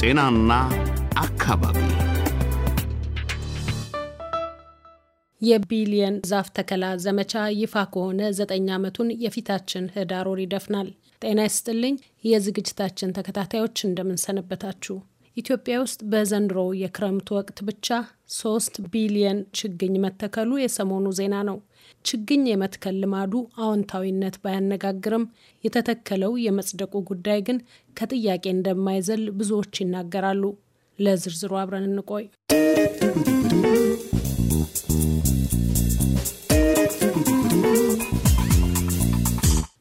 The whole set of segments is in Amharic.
ጤናና አካባቢ የቢሊየን ዛፍ ተከላ ዘመቻ ይፋ ከሆነ ዘጠኝ ዓመቱን የፊታችን ህዳር ወር ይደፍናል። ጤና ይስጥልኝ የዝግጅታችን ተከታታዮች እንደምንሰነበታችሁ። ኢትዮጵያ ውስጥ በዘንድሮ የክረምት ወቅት ብቻ ሶስት ቢሊየን ችግኝ መተከሉ የሰሞኑ ዜና ነው። ችግኝ የመትከል ልማዱ አዎንታዊነት ባያነጋግርም የተተከለው የመጽደቁ ጉዳይ ግን ከጥያቄ እንደማይዘል ብዙዎች ይናገራሉ። ለዝርዝሩ አብረን እንቆይ።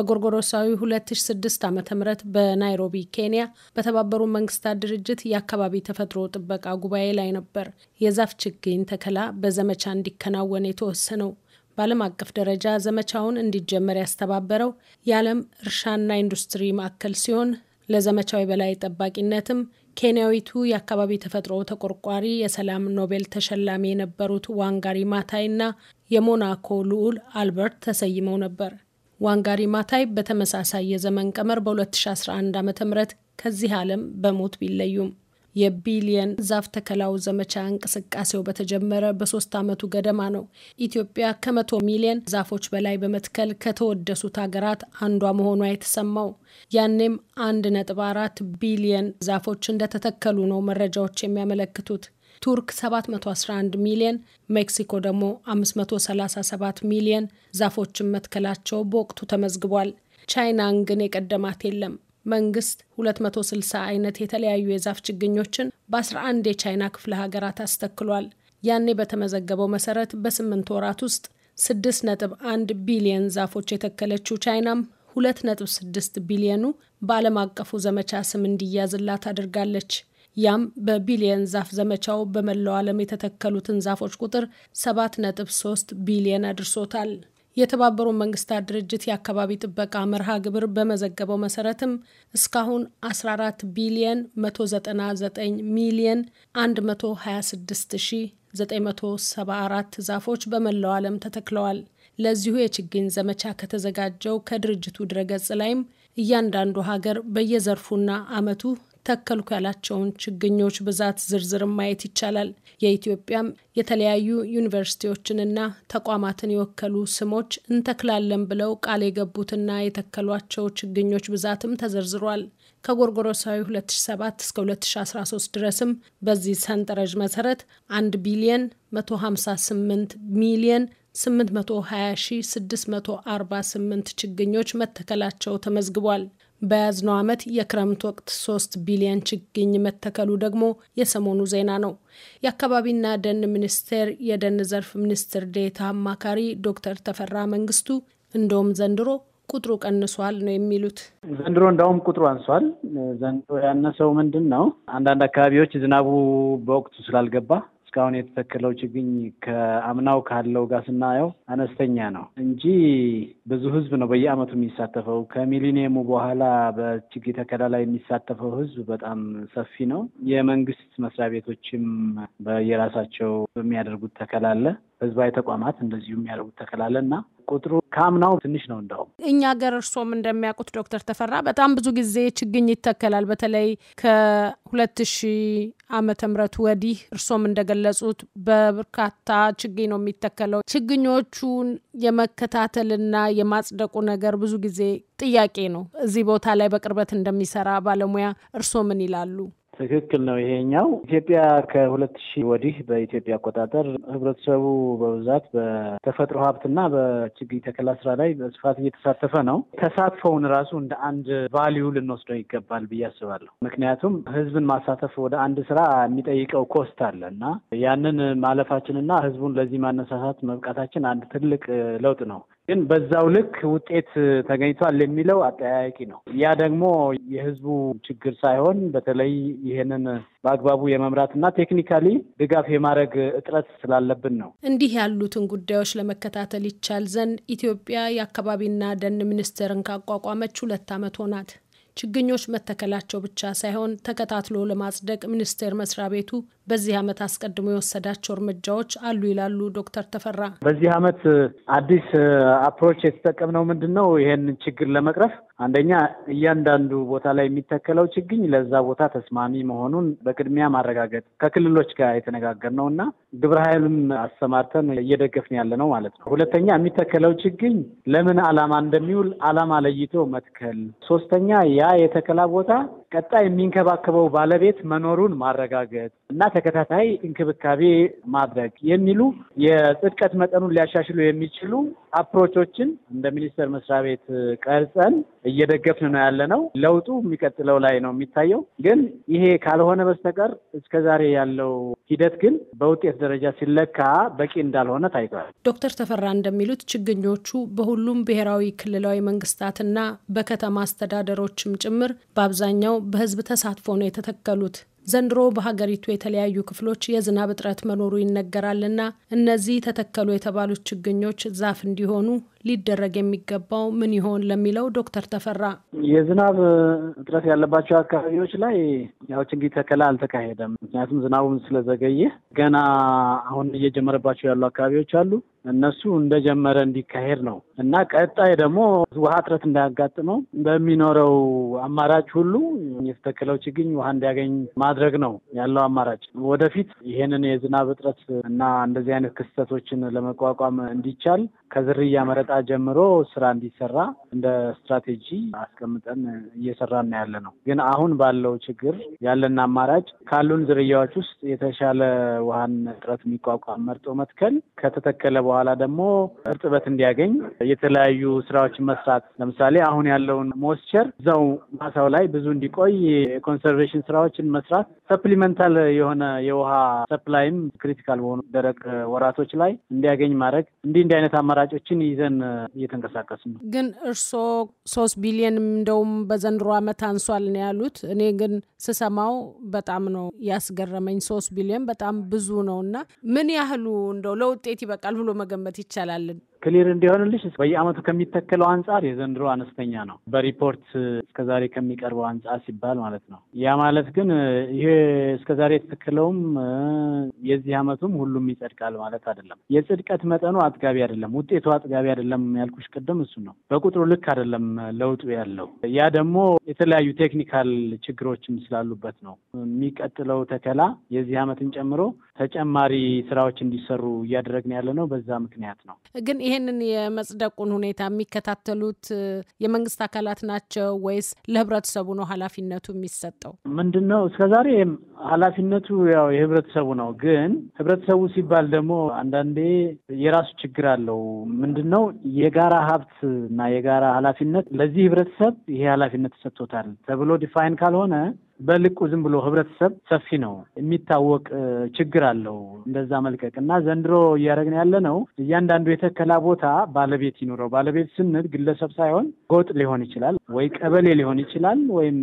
በጎርጎሮሳዊ 2006 ዓ ም በናይሮቢ ኬንያ በተባበሩ መንግስታት ድርጅት የአካባቢ ተፈጥሮ ጥበቃ ጉባኤ ላይ ነበር የዛፍ ችግኝ ተከላ በዘመቻ እንዲከናወን የተወሰነው። በዓለም አቀፍ ደረጃ ዘመቻውን እንዲጀመር ያስተባበረው የዓለም እርሻና ኢንዱስትሪ ማዕከል ሲሆን ለዘመቻው የበላይ ጠባቂነትም ኬንያዊቱ የአካባቢ ተፈጥሮ ተቆርቋሪ የሰላም ኖቤል ተሸላሚ የነበሩት ዋንጋሪ ማታይ ና የሞናኮ ልዑል አልበርት ተሰይመው ነበር። ዋንጋሪ ማታይ በተመሳሳይ የዘመን ቀመር በ2011 ዓ ም ከዚህ ዓለም በሞት ቢለዩም የቢሊየን ዛፍ ተከላው ዘመቻ እንቅስቃሴው በተጀመረ በሶስት ዓመቱ ገደማ ነው። ኢትዮጵያ ከመቶ ሚሊየን ዛፎች በላይ በመትከል ከተወደሱት ሀገራት አንዷ መሆኗ የተሰማው ያኔም አንድ ነጥብ አራት ቢሊየን ዛፎች እንደተተከሉ ነው መረጃዎች የሚያመለክቱት። ቱርክ 711 ሚሊየን፣ ሜክሲኮ ደግሞ 537 ሚሊየን ዛፎችን መትከላቸው በወቅቱ ተመዝግቧል። ቻይናን ግን የቀደማት የለም። መንግስት 260 አይነት የተለያዩ የዛፍ ችግኞችን በ11 የቻይና ክፍለ ሀገራት አስተክሏል። ያኔ በተመዘገበው መሰረት በስምንት ወራት ውስጥ 6.1 ቢሊየን ዛፎች የተከለችው ቻይናም 2.6 ቢሊየኑ በዓለም አቀፉ ዘመቻ ስም እንዲያዝላት አድርጋለች። ያም በቢሊየን ዛፍ ዘመቻው በመላው ዓለም የተተከሉትን ዛፎች ቁጥር 7.3 ቢሊየን አድርሶታል። የተባበሩ መንግስታት ድርጅት የአካባቢ ጥበቃ መርሃ ግብር በመዘገበው መሰረትም እስካሁን 14 ቢሊየን 199 ሚሊየን 126974 ዛፎች በመላው ዓለም ተተክለዋል። ለዚሁ የችግኝ ዘመቻ ከተዘጋጀው ከድርጅቱ ድረገጽ ላይም እያንዳንዱ ሀገር በየዘርፉና ዓመቱ ተከልኩ ያላቸውን ችግኞች ብዛት ዝርዝር ማየት ይቻላል። የኢትዮጵያም የተለያዩ ዩኒቨርሲቲዎችንና ተቋማትን የወከሉ ስሞች እንተክላለን ብለው ቃል የገቡትና የተከሏቸው ችግኞች ብዛትም ተዘርዝሯል። ከጎርጎሮሳዊ 2007 እስከ 2013 ድረስም በዚህ ሰንጠረዥ መሰረት 1 ቢሊየን 158 ሚሊየን 820,648 ችግኞች መተከላቸው ተመዝግቧል። በያዝነው ዓመት የክረምት ወቅት ሶስት ቢሊየን ችግኝ መተከሉ ደግሞ የሰሞኑ ዜና ነው። የአካባቢና ደን ሚኒስቴር የደን ዘርፍ ሚኒስትር ዴታ አማካሪ ዶክተር ተፈራ መንግስቱ እንደውም ዘንድሮ ቁጥሩ ቀንሷል ነው የሚሉት። ዘንድሮ እንደውም ቁጥሩ አንሷል። ዘንድሮ ያነሰው ምንድን ነው? አንዳንድ አካባቢዎች ዝናቡ በወቅቱ ስላልገባ እስካሁን የተተከለው ችግኝ ከአምናው ካለው ጋር ስናየው አነስተኛ ነው እንጂ ብዙ ህዝብ ነው በየአመቱ የሚሳተፈው። ከሚሊኒየሙ በኋላ በችግኝ ተከላ ላይ የሚሳተፈው ህዝብ በጣም ሰፊ ነው። የመንግስት መስሪያ ቤቶችም በየራሳቸው የሚያደርጉት ተከላለ ህዝባዊ ተቋማት እንደዚሁ የሚያደርጉት ተከላለ እና ቁጥሩ ከአምናው ትንሽ ነው። እንደውም እኛ ሀገር እርሶም እንደሚያውቁት ዶክተር ተፈራ በጣም ብዙ ጊዜ ችግኝ ይተከላል። በተለይ ከሁለት ሺህ ዓመተ ምህረት ወዲህ እርሶም እንደገለጹት በበርካታ ችግኝ ነው የሚተከለው። ችግኞቹን የመከታተልና የማጽደቁ ነገር ብዙ ጊዜ ጥያቄ ነው። እዚህ ቦታ ላይ በቅርበት እንደሚሰራ ባለሙያ እርሶ ምን ይላሉ? ትክክል ነው። ይሄኛው ኢትዮጵያ ከሁለት ሺህ ወዲህ በኢትዮጵያ አቆጣጠር ህብረተሰቡ በብዛት በተፈጥሮ ሀብትና በችግኝ ተከላ ስራ ላይ በስፋት እየተሳተፈ ነው። ተሳትፎውን ራሱ እንደ አንድ ቫሊዩ ልንወስደው ይገባል ብዬ አስባለሁ። ምክንያቱም ህዝብን ማሳተፍ ወደ አንድ ስራ የሚጠይቀው ኮስት አለ እና ያንን ማለፋችንና ህዝቡን ለዚህ ማነሳሳት መብቃታችን አንድ ትልቅ ለውጥ ነው። ግን በዛው ልክ ውጤት ተገኝቷል የሚለው አጠያያቂ ነው። ያ ደግሞ የህዝቡ ችግር ሳይሆን በተለይ ይህንን በአግባቡ የመምራትና ቴክኒካሊ ድጋፍ የማድረግ እጥረት ስላለብን ነው። እንዲህ ያሉትን ጉዳዮች ለመከታተል ይቻል ዘንድ ኢትዮጵያ የአካባቢና ደን ሚኒስቴርን ካቋቋመች ሁለት ዓመት ሆናት። ችግኞች መተከላቸው ብቻ ሳይሆን ተከታትሎ ለማጽደቅ ሚኒስቴር መስሪያ ቤቱ በዚህ ዓመት አስቀድሞ የወሰዳቸው እርምጃዎች አሉ ይላሉ ዶክተር ተፈራ። በዚህ ዓመት አዲስ አፕሮች የተጠቀምነው ምንድን ነው? ይሄንን ችግር ለመቅረፍ አንደኛ እያንዳንዱ ቦታ ላይ የሚተከለው ችግኝ ለዛ ቦታ ተስማሚ መሆኑን በቅድሚያ ማረጋገጥ ከክልሎች ጋር ነው እና ግብረ ኃይልም አሰማርተን እየደገፍን ያለ ነው ማለት ነው። ሁለተኛ የሚተከለው ችግኝ ለምን ዓላማ እንደሚውል ዓላማ ለይቶ መትከል። ሶስተኛ ያ የተከላ ቦታ ቀጣይ የሚንከባከበው ባለቤት መኖሩን ማረጋገጥ እና ተከታታይ እንክብካቤ ማድረግ የሚሉ የጽድቀት መጠኑን ሊያሻሽሉ የሚችሉ አፕሮቾችን እንደ ሚኒስቴር መስሪያ ቤት ቀርጸን እየደገፍን ነው ያለ ነው። ለውጡ የሚቀጥለው ላይ ነው የሚታየው። ግን ይሄ ካልሆነ በስተቀር እስከዛሬ ያለው ሂደት ግን በውጤት ደረጃ ሲለካ በቂ እንዳልሆነ ታይቷል። ዶክተር ተፈራ እንደሚሉት ችግኞቹ በሁሉም ብሔራዊ ክልላዊ መንግስታትና በከተማ አስተዳደሮችም ጭምር በአብዛኛው በህዝብ ተሳትፎ ነው የተተከሉት። ዘንድሮ በሀገሪቱ የተለያዩ ክፍሎች የዝናብ እጥረት መኖሩ ይነገራልና እነዚህ ተተከሉ የተባሉት ችግኞች ዛፍ እንዲሆኑ ሊደረግ የሚገባው ምን ይሆን ለሚለው ዶክተር ተፈራ የዝናብ እጥረት ያለባቸው አካባቢዎች ላይ ያው ችግኝ ተከላ አልተካሄደም። ምክንያቱም ዝናቡም ስለዘገየ ገና አሁን እየጀመረባቸው ያሉ አካባቢዎች አሉ። እነሱ እንደጀመረ እንዲካሄድ ነው እና ቀጣይ ደግሞ ውሃ እጥረት እንዳያጋጥመው በሚኖረው አማራጭ ሁሉ የተተከለው ችግኝ ውሃ እንዲያገኝ ማድረግ ነው ያለው አማራጭ። ወደፊት ይህንን የዝናብ እጥረት እና እንደዚህ አይነት ክስተቶችን ለመቋቋም እንዲቻል ከዝርያ መረጣ ጀምሮ ስራ እንዲሰራ እንደ ስትራቴጂ አስቀምጠን እየሰራን ያለ ነው። ግን አሁን ባለው ችግር ያለን አማራጭ ካሉን ዝርያዎች ውስጥ የተሻለ ውሃን እጥረት የሚቋቋም መርጦ መትከል፣ ከተተከለ በኋላ ደግሞ እርጥበት እንዲያገኝ የተለያዩ ስራዎችን መስራት። ለምሳሌ አሁን ያለውን ሞስቸር እዛው ማሳው ላይ ብዙ እንዲቆይ የኮንሰርቬሽን ስራዎችን መስራት በመግባት ሰፕሊመንታል የሆነ የውሃ ሰፕላይም ክሪቲካል በሆኑ ደረቅ ወራቶች ላይ እንዲያገኝ ማድረግ እንዲህ እንዲህ አይነት አማራጮችን ይዘን እየተንቀሳቀስ ነው። ግን እርስዎ ሶስት ቢሊየን እንደውም በዘንድሮ ዓመት አንሷል ነው ያሉት። እኔ ግን ስሰማው በጣም ነው ያስገረመኝ። ሶስት ቢሊየን በጣም ብዙ ነው እና ምን ያህሉ እንደው ለውጤት ይበቃል ብሎ መገመት ይቻላል? ክሊር እንዲሆንልሽ በየአመቱ ከሚተከለው አንጻር የዘንድሮ አነስተኛ ነው፣ በሪፖርት እስከዛሬ ከሚቀርበው አንጻር ሲባል ማለት ነው። ያ ማለት ግን ይሄ እስከዛሬ የተተከለውም የዚህ አመቱም ሁሉም ይጸድቃል ማለት አይደለም። የጽድቀት መጠኑ አጥጋቢ አይደለም፣ ውጤቱ አጥጋቢ አይደለም ያልኩሽ ቅድም እሱ ነው። በቁጥሩ ልክ አይደለም ለውጡ ያለው ያ ደግሞ የተለያዩ ቴክኒካል ችግሮችም ስላሉበት ነው። የሚቀጥለው ተከላ የዚህ ዓመትን ጨምሮ ተጨማሪ ስራዎች እንዲሰሩ እያደረግን ያለ ነው። በዛ ምክንያት ነው። ግን ይሄንን የመጽደቁን ሁኔታ የሚከታተሉት የመንግስት አካላት ናቸው ወይስ ለህብረተሰቡ ነው ኃላፊነቱ የሚሰጠው? ምንድን ነው እስከዛሬ ኃላፊነቱ ያው የህብረተሰቡ ነው። ግን ህብረተሰቡ ሲባል ደግሞ አንዳንዴ የራሱ ችግር አለው። ምንድን ነው የጋራ ሀብት እና የጋራ ኃላፊነት ለዚህ ህብረተሰብ ይሄ ኃላፊነት ተሰጥቶ አካትቶታል ተብሎ ዲፋይን ካልሆነ በልቁ ዝም ብሎ ህብረተሰብ ሰፊ ነው የሚታወቅ ችግር አለው። እንደዛ መልቀቅ እና ዘንድሮ እያደረግን ያለ ነው። እያንዳንዱ የተከላ ቦታ ባለቤት ይኑረው። ባለቤት ስንል ግለሰብ ሳይሆን ጎጥ ሊሆን ይችላል፣ ወይ ቀበሌ ሊሆን ይችላል፣ ወይም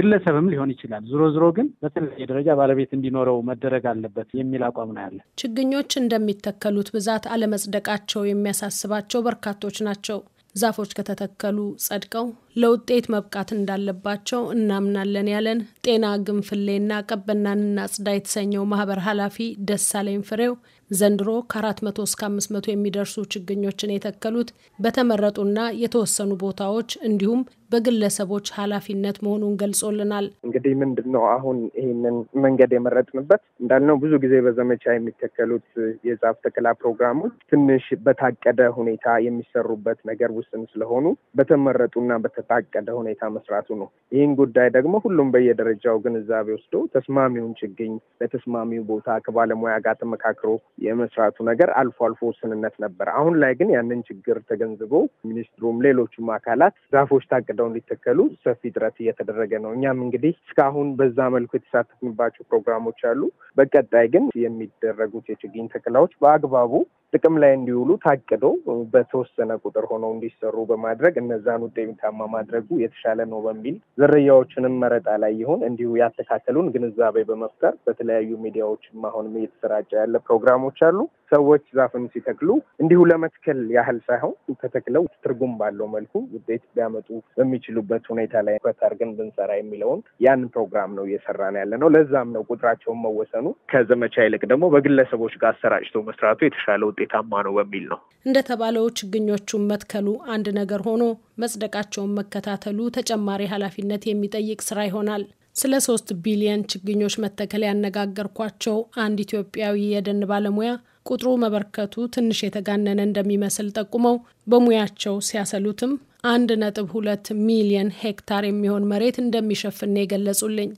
ግለሰብም ሊሆን ይችላል። ዝሮ ዝሮ ግን በተለያየ ደረጃ ባለቤት እንዲኖረው መደረግ አለበት የሚል አቋም ነው ያለ። ችግኞች እንደሚተከሉት ብዛት አለመጽደቃቸው የሚያሳስባቸው በርካቶች ናቸው። ዛፎች ከተተከሉ ጸድቀው ለውጤት መብቃት እንዳለባቸው እናምናለን ያለን ጤና ግንፍሌና ቀበናንና ጽዳ የተሰኘው ማህበር ኃላፊ ደሳለኝ ፍሬው ዘንድሮ ከ400 እስከ 500 የሚደርሱ ችግኞችን የተከሉት በተመረጡና የተወሰኑ ቦታዎች እንዲሁም በግለሰቦች ኃላፊነት መሆኑን ገልጾልናል። እንግዲህ ምንድን ነው አሁን ይህንን መንገድ የመረጥንበት እንዳልነው ብዙ ጊዜ በዘመቻ የሚተከሉት የዛፍ ተከላ ፕሮግራሞች ትንሽ በታቀደ ሁኔታ የሚሰሩበት ነገር ውስን ስለሆኑ በተመረጡና በተታቀደ ሁኔታ መስራቱ ነው። ይህን ጉዳይ ደግሞ ሁሉም በየደረጃው ግንዛቤ ወስዶ ተስማሚውን ችግኝ ለተስማሚው ቦታ ከባለሙያ ጋር ተመካክሮ የመስራቱ ነገር አልፎ አልፎ ውስንነት ነበር። አሁን ላይ ግን ያንን ችግር ተገንዝቦ ሚኒስትሩም፣ ሌሎቹም አካላት ዛፎች ታቅደው እንዲተከሉ ሰፊ ጥረት እየተደረገ ነው። እኛም እንግዲህ እስካሁን በዛ መልኩ የተሳተፍንባቸው ፕሮግራሞች አሉ። በቀጣይ ግን የሚደረጉት የችግኝ ተክላዎች በአግባቡ ጥቅም ላይ እንዲውሉ ታቅዶ በተወሰነ ቁጥር ሆነው እንዲሰሩ በማድረግ እነዛን ውጤታማ ማድረጉ የተሻለ ነው በሚል ዝርያዎችንም መረጣ ላይ ይሁን እንዲሁ ያተካከሉን ግንዛቤ በመፍጠር በተለያዩ ሚዲያዎችም አሁንም እየተሰራጨ ያለ ፕሮግራሞች ፕሮግራሞች አሉ። ሰዎች ዛፍን ሲተክሉ እንዲሁ ለመትከል ያህል ሳይሆን ከተክለው ትርጉም ባለው መልኩ ውጤት ሊያመጡ በሚችሉበት ሁኔታ ላይ ትኩረት አድርገን ብንሰራ የሚለውን ያን ፕሮግራም ነው እየሰራን ያለ ነው። ለዛም ነው ቁጥራቸውን መወሰኑ ከዘመቻ ይልቅ ደግሞ በግለሰቦች ጋር አሰራጭቶ መስራቱ የተሻለ ውጤታማ ነው በሚል ነው። እንደተባለው ችግኞቹን መትከሉ አንድ ነገር ሆኖ መጽደቃቸውን መከታተሉ ተጨማሪ ኃላፊነት የሚጠይቅ ስራ ይሆናል። ስለ ሶስት ቢሊየን ችግኞች መተከል ያነጋገርኳቸው አንድ ኢትዮጵያዊ የደን ባለሙያ ቁጥሩ መበርከቱ ትንሽ የተጋነነ እንደሚመስል ጠቁመው በሙያቸው ሲያሰሉትም አንድ ነጥብ ሁለት ሚሊየን ሄክታር የሚሆን መሬት እንደሚሸፍን የገለጹልኝ።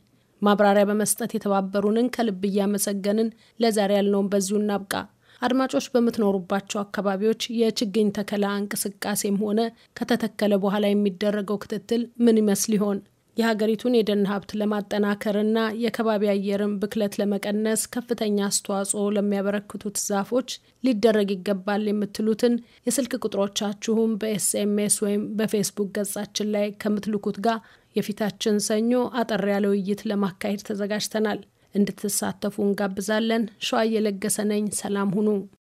ማብራሪያ በመስጠት የተባበሩንን ከልብ እያመሰገንን ለዛሬ ያልነውን በዚሁ እናብቃ። አድማጮች በምትኖሩባቸው አካባቢዎች የችግኝ ተከላ እንቅስቃሴም ሆነ ከተተከለ በኋላ የሚደረገው ክትትል ምን ይመስል ይሆን? የሀገሪቱን የደን ሀብት ለማጠናከርና የከባቢ አየርን ብክለት ለመቀነስ ከፍተኛ አስተዋጽኦ ለሚያበረክቱት ዛፎች ሊደረግ ይገባል የምትሉትን የስልክ ቁጥሮቻችሁን በኤስኤምኤስ ወይም በፌስቡክ ገጻችን ላይ ከምትልኩት ጋር የፊታችን ሰኞ አጠር ያለ ውይይት ለማካሄድ ተዘጋጅተናል። እንድትሳተፉ እንጋብዛለን። ሸዋ እየለገሰ ነኝ። ሰላም ሁኑ።